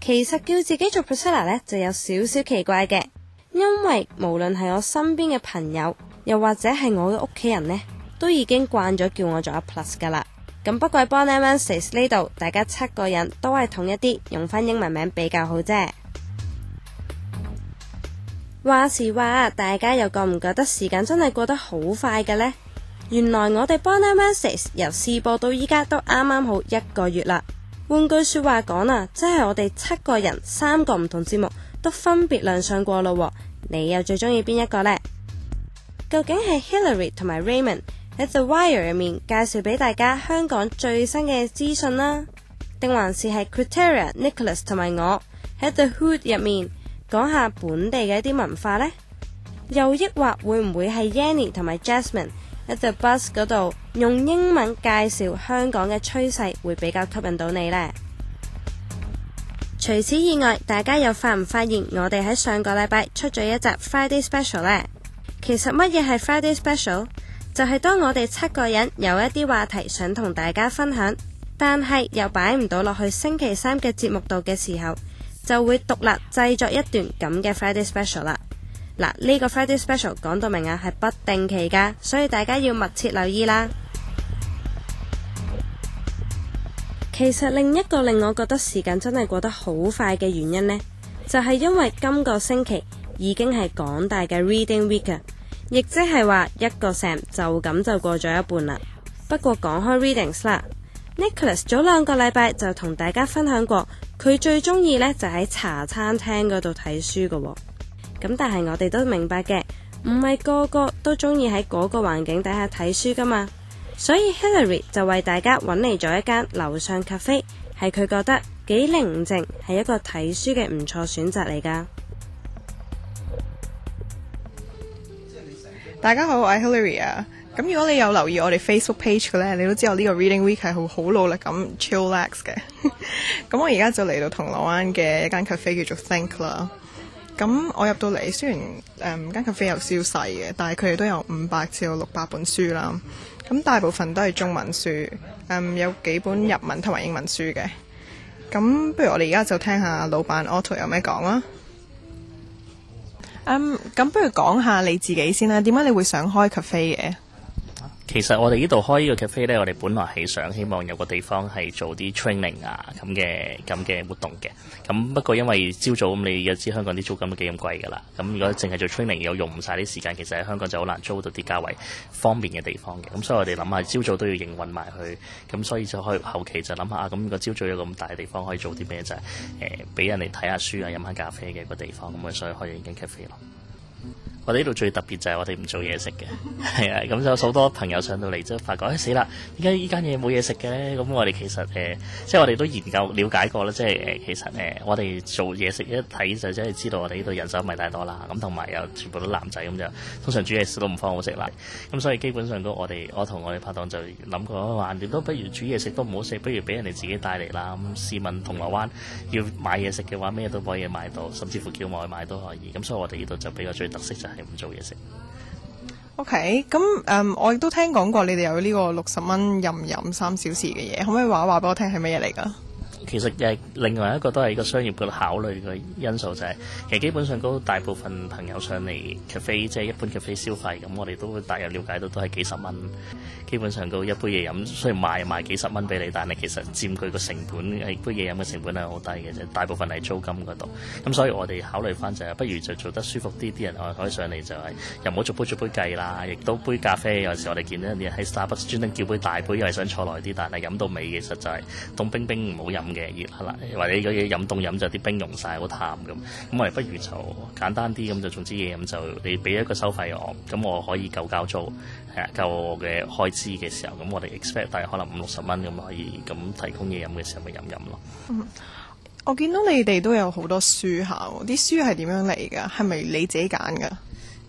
其實叫自己做 Priscilla 呢就有少少奇怪嘅，因為無論係我身邊嘅朋友，又或者係我嘅屋企人呢，都已經慣咗叫我做一 Plus 噶啦咁不過 Bonham Wednesdays 呢度，大家七個人都係統一啲，用翻英文名比較好啫。話時 話，大家又覺唔覺得時間真係過得好快嘅呢？原來我哋 Bonham Wednesdays 由試播到依家都啱啱好一個月啦。換句說話講啊，即係我哋七個人三個唔同節目都分別亮相過咯，你又最中意邊一個呢？究竟係 Hillary 同埋 Raymond 喺 The Wire 入面介紹俾大家香港最新嘅資訊啦，定還是係 Criteria、Nicholas 同埋我喺 The Hood 入面講下本地嘅一啲文化呢？又抑或會唔會係 Yanny 同埋 Jasmine 喺 The Bus 嗰度？用英文介紹香港嘅趨勢會比較吸引到你呢？除此以外，大家有發唔發現我哋喺上個禮拜出咗一集 Friday Special 咧？其實乜嘢係 Friday Special？就係當我哋七個人有一啲話題想同大家分享，但係又擺唔到落去星期三嘅節目度嘅時候，就會獨立製作一段咁嘅 Friday Special 啦。嗱，呢個 Friday Special 講到明啊，係不定期㗎，所以大家要密切留意啦。其實另一個令我覺得時間真係過得好快嘅原因呢，就係因為今個星期已經係港大嘅 Reading Week，亦即係話一個 Sem 就咁就過咗一半啦。不過講開 Readings 啦，Nicholas 早兩個禮拜就同大家分享過，佢最中意呢就喺茶餐廳嗰度睇書噶喎。咁但係我哋都明白嘅，唔係個個都中意喺嗰個環境底下睇書噶嘛。所以 Hilary 就為大家揾嚟咗一間樓上 cafe，係佢覺得幾寧靜，係一個睇書嘅唔錯選擇嚟噶。大家好，我係 Hilary 啊。咁如果你有留意我哋 Facebook page 嘅呢，你都知道呢個 Reading Week 係好好努力咁 chillax 嘅。咁我而家就嚟到銅鑼灣嘅一間 cafe 叫做 Think 啦。咁、嗯、我入到嚟，雖然間 cafe、嗯、有少細嘅，但係佢哋都有五百至到六百本書啦。咁、嗯、大部分都係中文書，誒、嗯、有幾本日文同埋英文書嘅。咁、嗯、不如我哋而家就聽下老闆 Otto 有咩講啦。誒咁、um，不如講下你自己先啦。點解你會想開 cafe 嘅？其實我哋呢度開呢個 cafe 呢，我哋本來係想希望有個地方係做啲 training 啊咁嘅咁嘅活動嘅。咁不過因為朝早咁你又知香港啲租金都幾咁貴㗎啦。咁如果淨係做 training 又用唔晒啲時間，其實喺香港就好難租到啲較為方便嘅地方嘅。咁所以我哋諗下朝早都要營運埋去，咁所以就可以後期就諗下，咁、啊、如果朝早有咁大嘅地方可以做啲咩就係誒俾人哋睇下書啊，飲下咖啡嘅個地方咁啊，所以可以開間 cafe 咯。我哋呢度最特別就係我哋唔做嘢食嘅，係啊，咁就有好多朋友上到嚟，即係發覺，哎死啦，點解依間嘢冇嘢食嘅？咁我哋其實誒、呃，即係我哋都研究了解過啦，即係誒、呃，其實誒、呃，我哋做嘢食一睇就真係知道我哋呢度人手唔係太多啦，咁同埋又全部都男仔，咁就通常煮嘢食都唔方好食啦。咁所以基本上都我哋，我同我哋拍檔就諗過，話點都不如煮嘢食都唔好食，不如俾人哋自己帶嚟啦。咁試問銅鑼灣要買嘢食嘅話，咩都可以買到，甚至乎叫外賣都可以。咁所以我哋呢度就比較最特色就係你唔做嘢食？OK，咁，誒，um，我亦都聽講過你哋有呢個六十蚊任飲三小時嘅嘢，可唔可以話話俾我聽係乜嘢嚟噶？其實誒另外一個都係一個商業嘅考慮嘅因素，就是，就係其實基本上都大部分朋友上嚟，咖啡，即係一般嘅咖啡消費，咁我哋都會大約了解到都係幾十蚊。基本上嗰一杯嘢飲雖然賣賣，賣幾十蚊俾你，但係其實佔佢個成本係杯嘢飲嘅成本係好低嘅啫。大部分係租金度。咁所以我哋考慮返就係、是，不如就做得舒服啲，啲人可以上嚟就係、是，又唔好做杯做杯計啦。亦都杯咖啡有時我哋見到啲人喺 Starbucks 專登叫杯大杯，因為想坐耐啲，但係飲到尾其實就係凍冰冰唔好飲。嘅熱係啦，或者如果飲凍飲就啲冰融晒，好淡咁，咁我哋不如就簡單啲咁，就總之嘢飲就你俾一個收費我，咁我可以夠交租係啊夠我嘅開支嘅時候，咁我哋 expect 大概可能五六十蚊咁可以咁提供嘢飲嘅時候咪飲飲咯。我見到你哋都有好多書下喎，啲書係點樣嚟㗎？係咪你自己揀㗎？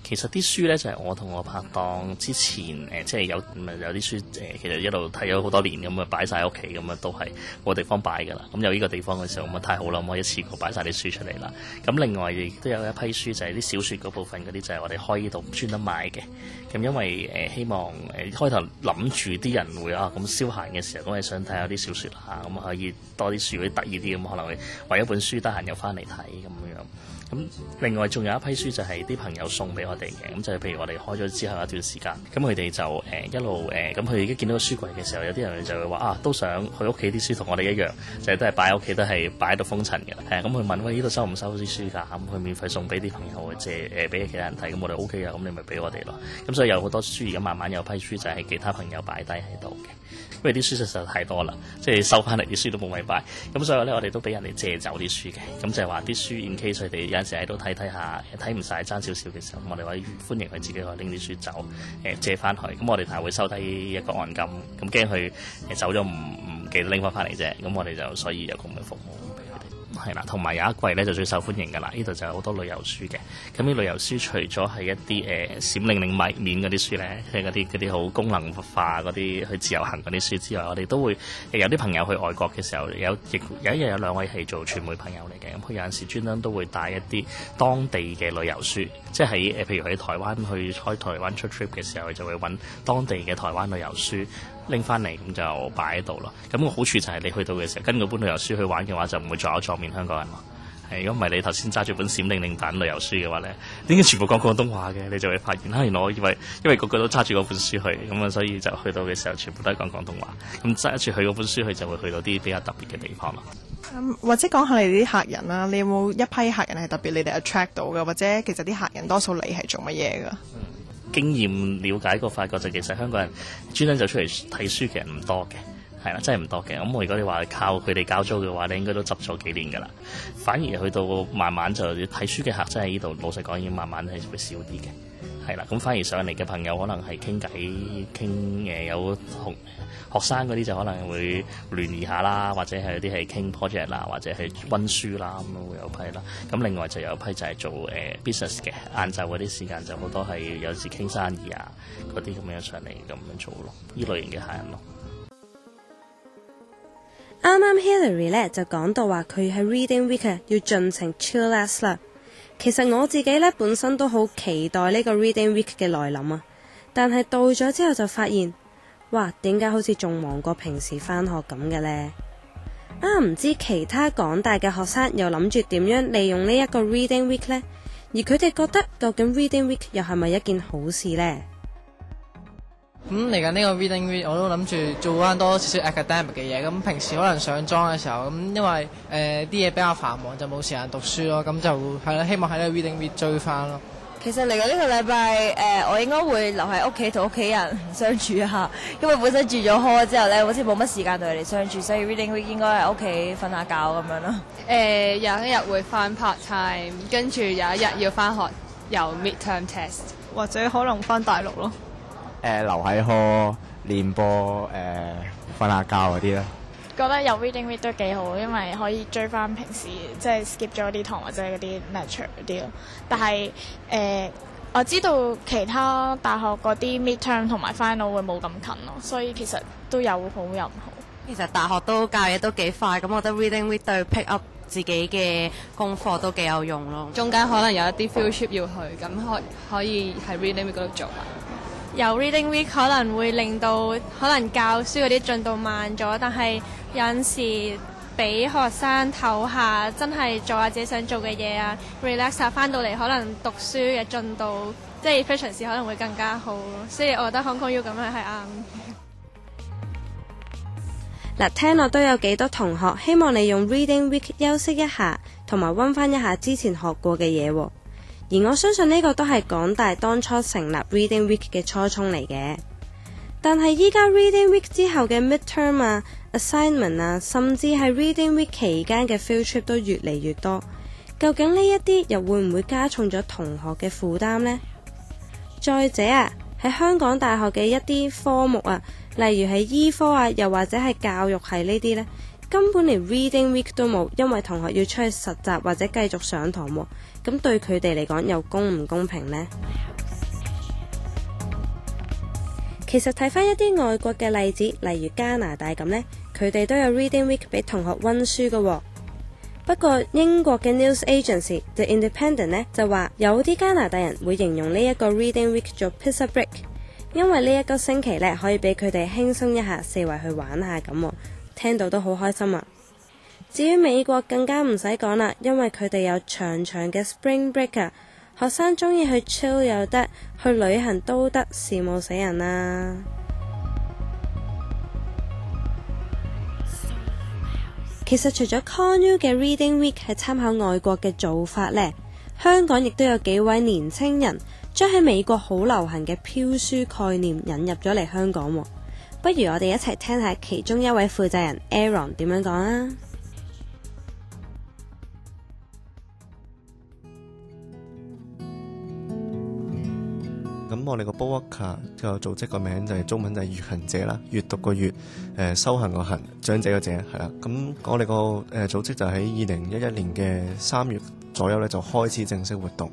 其實啲書咧就係我同我拍檔之前誒，即係有有啲書誒，其實一路睇咗好多年咁啊，擺晒喺屋企咁啊，都係個地方擺㗎啦。咁有呢個地方嘅時候，咁啊太好啦，可以一次過擺晒啲書出嚟啦。咁另外亦都有一批書就係啲小説嗰部分嗰啲，就係我哋開呢度專登賣嘅。咁因為誒希望誒開頭諗住啲人會啊，咁消閒嘅時候咁係想睇下啲小説嚇，咁啊可以多啲書嗰啲得意啲咁，可能會為一本書得閒又翻嚟睇咁樣。咁另外仲有一批書就係啲朋友送俾我哋嘅，咁就係譬如我哋開咗之後一段時間，咁佢哋就誒、呃、一路誒，咁佢而家見到個書櫃嘅時候，有啲人就會話啊，都想佢屋企啲書同我哋一樣，就係、係、都係擺喺屋企都係擺到封塵嘅啦，咁、嗯、佢問我呢度收唔收啲書㗎，咁佢免費送俾啲朋友借誒俾、呃、其他人睇，咁我哋 O K 嘅，咁你咪俾我哋咯，咁所以有好多書而家慢慢有批書就係、係、其他朋友擺低喺度嘅，因為啲書實在太多啦，即係收翻嚟啲書都冇位擺，咁所以咧我哋都俾人哋借走啲書嘅，咁就係話啲書 in case 佢哋。有陣時喺度睇睇下，睇唔晒，爭少少嘅時候，我哋可以歡迎佢自己去拎啲書走，誒借翻佢。咁我哋係會收低一個按金，咁驚佢走咗唔唔記得拎翻翻嚟啫。咁我哋就所以有咁嘅服務。係啦，同埋有，有一季咧就最受歡迎㗎啦，呢度就有好多旅遊書嘅。咁啲旅遊書除咗係一啲誒、呃、閃靈靈米面嗰啲書咧，即係嗰啲嗰啲好功能化嗰啲去自由行嗰啲書之外，我哋都會有啲朋友去外國嘅時候，有亦有，有一日有兩位係做傳媒朋友嚟嘅，咁佢有陣時專登都會帶一啲當地嘅旅遊書，即係喺誒譬如喺台灣去開台灣出 trip 嘅時候，佢就會揾當地嘅台灣旅遊書。拎翻嚟咁就擺喺度咯。咁個好處就係你去到嘅時候，跟嗰本旅遊書去玩嘅話，就唔會再有撞面香港人咯。係，如果唔係你頭先揸住本閃靈靈版旅遊書嘅話咧，點解全部講廣東話嘅？你就會發現，啊原來我以為因為個個都揸住嗰本書去，咁啊所以就去到嘅時候全部都係講廣東話。咁揸一住去嗰本書去就會去到啲比較特別嘅地方咯、嗯。或者講下你哋啲客人啦，你有冇一批客人係特別你哋 attract 到嘅？或者其實啲客人多數你係做乜嘢㗎？嗯經驗了解過，發覺就其實香港人專登就出嚟睇書嘅人唔多嘅，係啦，真係唔多嘅。咁我如果你話靠佢哋交租嘅話，你應該都執咗幾年㗎啦。反而去到慢慢就睇書嘅客，真係呢度老實講已經慢慢係會少啲嘅。係啦，咁反而上嚟嘅朋友可能係傾偈傾嘅，有同學生嗰啲就可能會聯誼下啦，或者係有啲係傾 project 啦，或者係溫書啦咁樣會有批啦。咁另外就有批就係做誒 business 嘅，晏晝嗰啲時間就好多係有時傾生意啊嗰啲咁樣上嚟咁樣做咯，呢類型嘅客人咯。啱啱 Hilary 咧就講到話佢係 Reading Week，要盡情 chill 啦。其實我自己咧本身都好期待呢個 Reading Week 嘅來臨啊，但係到咗之後就發現，哇，點解好似仲忙過平時返學咁嘅呢？啊，唔知其他港大嘅學生又諗住點樣利用呢一個 Reading Week 呢？而佢哋覺得究竟 Reading Week 又係咪一件好事呢？咁嚟緊呢個 Reading Week，我都諗住做翻多少少 academic 嘅嘢。咁、嗯、平時可能上莊嘅時候，咁、嗯、因為誒啲嘢比較繁忙，就冇時間讀書咯。咁、嗯、就係啦，希望喺呢個 Reading Week 追翻咯。其實嚟緊呢個禮拜誒，我應該會留喺屋企同屋企人相處一下，因為本身住咗開之後咧，好似冇乜時間同佢哋相處，所以 Reading Week 應該喺屋企瞓下覺咁樣咯。誒、呃、有一日會翻 part time，跟住有一日要翻學，有 midterm test，或者可能翻大陸咯。誒、呃、留喺課練波，誒瞓下覺嗰啲啦。覺得有 reading week read、er、都幾好，因為可以追翻平時即係 skip 咗啲堂或者嗰啲 lecture 嗰啲咯。但係誒、呃、我知道其他大學嗰啲 midterm 同埋 final 會冇咁近咯，所以其實都有好有唔好。其實大學都教嘢都幾快，咁我覺得 reading week read、er，對 pick up 自己嘅功課都幾有用咯。中間可能有一啲 field trip 要去，咁可可以喺 reading week read、er、度做。有 Reading Week 可能會令到可能教書嗰啲進度慢咗，但係有陣時俾學生唞下，真係做下自己想做嘅嘢啊，relax 下，翻到嚟可能讀書嘅進度即係非常時可能會更加好，所以我覺得 Hong Kong U 咁樣係啱。嗱，聽落都有幾多同學希望你用 Reading Week 休息一下，同埋温翻一下之前學過嘅嘢喎。而我相信呢個都係港大當初成立 Reading Week 嘅初衷嚟嘅，但係依家 Reading Week 之後嘅 Midterm 啊、Assignment 啊，甚至係 Reading Week 期間嘅 Field Trip 都越嚟越多，究竟呢一啲又會唔會加重咗同學嘅負擔呢？再者啊，喺香港大學嘅一啲科目啊，例如係醫科啊，又或者係教育系呢啲呢。根本連 reading week 都冇，因為同學要出去實習或者繼續上堂喎。咁對佢哋嚟講又公唔公平呢？ 其實睇翻一啲外國嘅例子，例如加拿大咁呢，佢哋都有 reading week 俾同學溫書噶。不過英國嘅 news agency The Independent 呢，就話，有啲加拿大人會形容呢一個 reading week 做 pizza break，因為呢一個星期呢，可以俾佢哋輕鬆一下，四圍去玩下咁。聽到都好開心啊！至於美國更加唔使講啦，因為佢哋有長長嘅 Spring Break 啊，學生中意去 chill 又得，去旅行都得，羨慕死人啦，啊！ 其實除咗 Cornu 嘅 Reading Week 係參考外國嘅做法呢，香港亦都有幾位年青人將喺美國好流行嘅漂書概念引入咗嚟香港喎。不如我哋一齊聽下其中一位負責人 Aaron 點樣講啊？咁、嗯、我哋個 Book Walker 嘅組織個名就係中文就係閱行者啦，閲讀個閲，誒、呃、修行個行，長者個者係啦。咁、嗯、我哋個誒組織就喺二零一一年嘅三月左右咧就開始正式活動。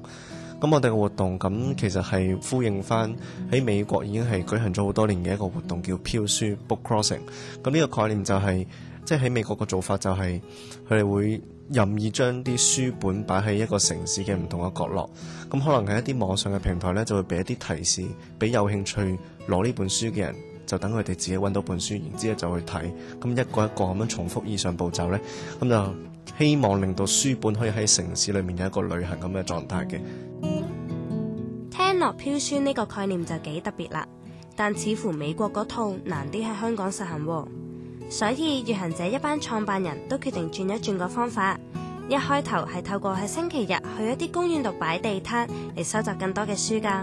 咁我哋嘅活動咁其實係呼應返喺美國已經係舉行咗好多年嘅一個活動，叫漂書 Book Crossing。咁呢個概念就係，即係喺美國個做法就係佢哋會任意將啲書本擺喺一個城市嘅唔同嘅角落。咁可能係一啲網上嘅平台呢，就會俾一啲提示，俾有興趣攞呢本書嘅人。就等佢哋自己揾到本書，然之後就去睇，咁一個一個咁樣重複以上步驟呢，咁就希望令到書本可以喺城市裏面有一個旅行咁嘅狀態嘅。聽落漂流書呢個概念就幾特別啦，但似乎美國嗰套難啲喺香港實行，所以閱行者一班創辦人都決定轉一轉個方法。一開頭係透過喺星期日去一啲公園度擺地攤嚟收集更多嘅書㗎。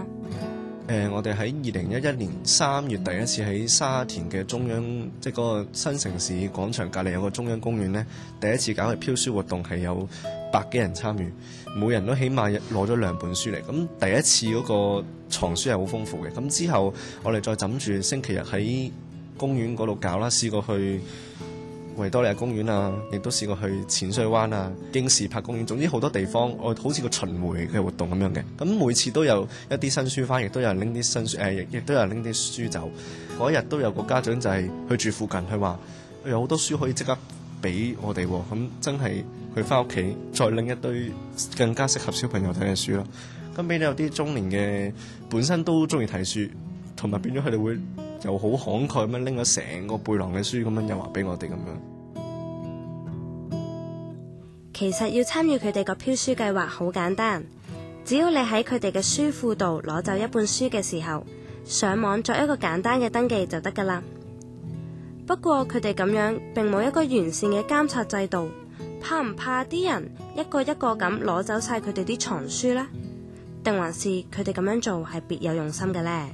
誒、呃，我哋喺二零一一年三月第一次喺沙田嘅中央，即係嗰個新城市廣場隔離有個中央公園咧，第一次搞嘅飄書活動，係有百幾人參與，每人都起碼攞咗兩本書嚟。咁第一次嗰個藏書係好豐富嘅。咁之後我哋再枕住星期日喺公園嗰度搞啦，試過去。維多利亞公園啊，亦都試過去淺水灣啊、京士柏公園，總之好多地方，我好似個巡迴嘅活動咁樣嘅。咁每次都有一啲新書翻，亦都有人拎啲新書，誒、呃，亦都有人拎啲書走。嗰日都有個家長就係去住附近，佢話有好多書可以即刻俾我哋，咁真係佢翻屋企再拎一堆更加適合小朋友睇嘅書啦。咁俾你有啲中年嘅本身都中意睇書，同埋變咗佢哋會又好慷慨咁樣拎咗成個背囊嘅書，咁樣又話俾我哋咁樣。其實要參與佢哋個漂書計劃好簡單，只要你喺佢哋嘅書庫度攞走一本書嘅時候，上網作一個簡單嘅登記就得㗎喇。不過佢哋咁樣並冇一個完善嘅監察制度，怕唔怕啲人一個一個咁攞走晒佢哋啲藏書呢？定還是佢哋咁樣做係別有用心嘅呢？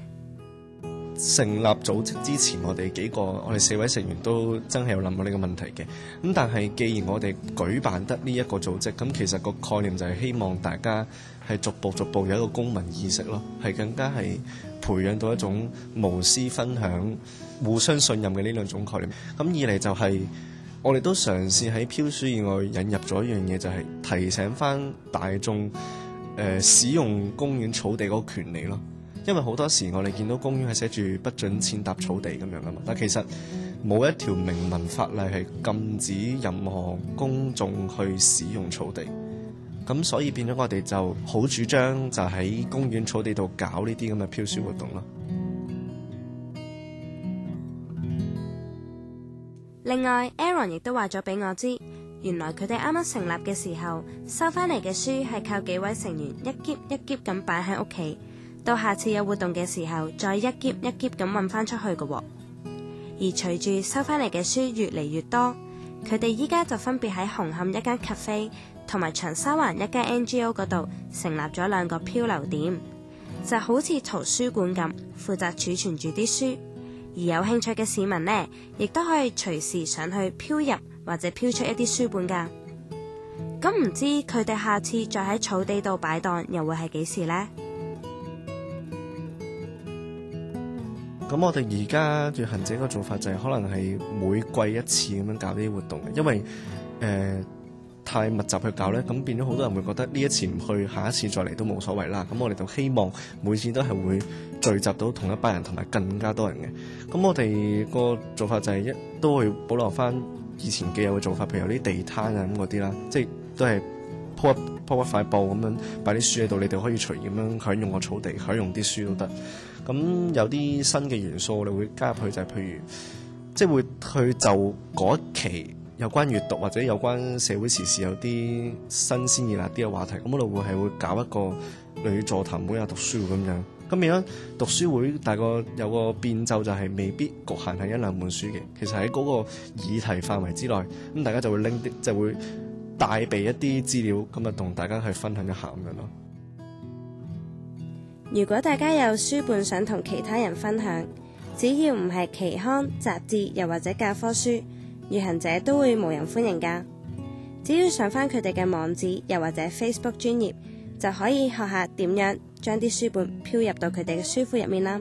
成立組織之前，我哋幾個，我哋四位成員都真係有諗過呢個問題嘅。咁但係既然我哋舉辦得呢一個組織，咁其實個概念就係希望大家係逐步逐步有一個公民意識咯，係更加係培養到一種無私分享、互相信任嘅呢兩種概念。咁二嚟就係我哋都嘗試喺漂書以外引入咗一樣嘢，就係、是、提醒翻大眾誒使用公園草地嗰個權利咯。因為好多時，我哋見到公園係寫住不准踐踏草地咁樣噶嘛，但其實冇一條明文法例係禁止任何公眾去使用草地，咁所以變咗我哋就好主張就喺公園草地度搞呢啲咁嘅漂書活動咯。另外，Aaron 亦都話咗俾我知，原來佢哋啱啱成立嘅時候收翻嚟嘅書係靠幾位成員一疊一疊咁擺喺屋企。到下次有活動嘅時候，再一劫一劫咁運翻出去嘅喎。而隨住收返嚟嘅書越嚟越多，佢哋依家就分別喺紅磡一間 cafe 同埋長沙灣一間 NGO 嗰度成立咗兩個漂流點，就好似圖書館咁，負責儲存住啲書。而有興趣嘅市民呢，亦都可以隨時上去漂入或者漂出一啲書本噶。咁唔知佢哋下次再喺草地度擺檔又會係幾時呢？咁我哋而家閱行者個做法就係可能係每季一次咁樣搞啲活動嘅，因為誒、呃、太密集去搞咧，咁變咗好多人會覺得呢一次唔去，下一次再嚟都冇所謂啦。咁我哋就希望每次都係會聚集到同一班人同埋更加多人嘅。咁我哋個做法就係一都會保留翻以前既有嘅做法，譬如有啲地攤啊咁嗰啲啦，即係都係鋪，鋪一鋪一塊布咁樣擺啲書喺度，你哋可以隨意咁樣享用個草地、享用啲書都得。咁有啲新嘅元素，我哋會加入去就係，譬如即係會去就嗰一期有關閱讀或者有關社會時事有啲新鮮熱辣啲嘅話題，咁我會係會搞一個類似座談會啊、讀書會咁樣，咁而家讀書會大個有個變奏就係未必局限係一兩本書嘅，其實喺嗰個議題範圍之內，咁大家就會拎啲就會帶備一啲資料咁啊，同大家去分享一下咁樣咯。如果大家有書本想同其他人分享，只要唔係期刊、雜誌又或者教科書，閱行者都會無人歡迎㗎。只要上返佢哋嘅網址又或者 Facebook 專頁，就可以學下點樣將啲書本漂入到佢哋嘅書庫入面啦。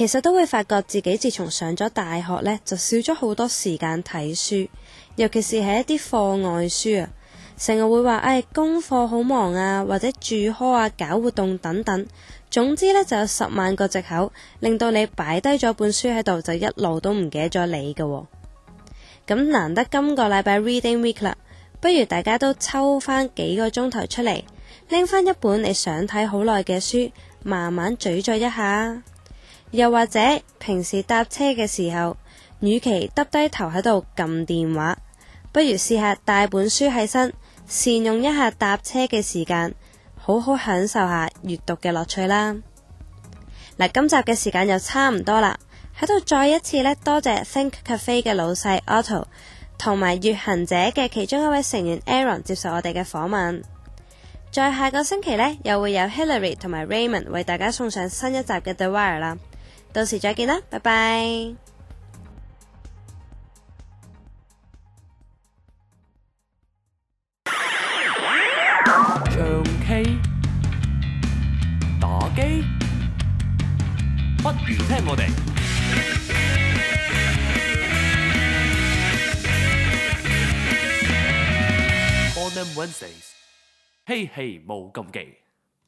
其實都會發覺自己自從上咗大學呢，就少咗好多時間睇書，尤其是係一啲課外書啊。成日會話，唉、哎，功課好忙啊，或者住科啊，搞活動等等，總之呢，就有十萬個借口，令到你擺低咗本書喺度，就一路都唔記得咗你噶、哦。咁、嗯、難得今個禮拜 Reading Week 啦，不如大家都抽翻幾個鐘頭出嚟，拎翻一本你想睇好耐嘅書，慢慢咀嚼一下、啊。又或者平時搭車嘅時候，與其耷低頭喺度撳電話，不如試下帶本書喺身，善用一下搭車嘅時間，好好享受下閱讀嘅樂趣啦。嗱、啊，今集嘅時間就差唔多啦，喺度再一次呢，多謝 Think Cafe 嘅老細 Auto 同埋閱行者嘅其中一位成員 Aaron 接受我哋嘅訪問。在下個星期呢，又會有 Hillary 同埋 Raymond 為大家送上新一集嘅 The Wire 啦。到時再見啦，拜拜！唱 K、打機，不如聽我哋。Bonham Wednesdays，嘿嘿，冇咁勁。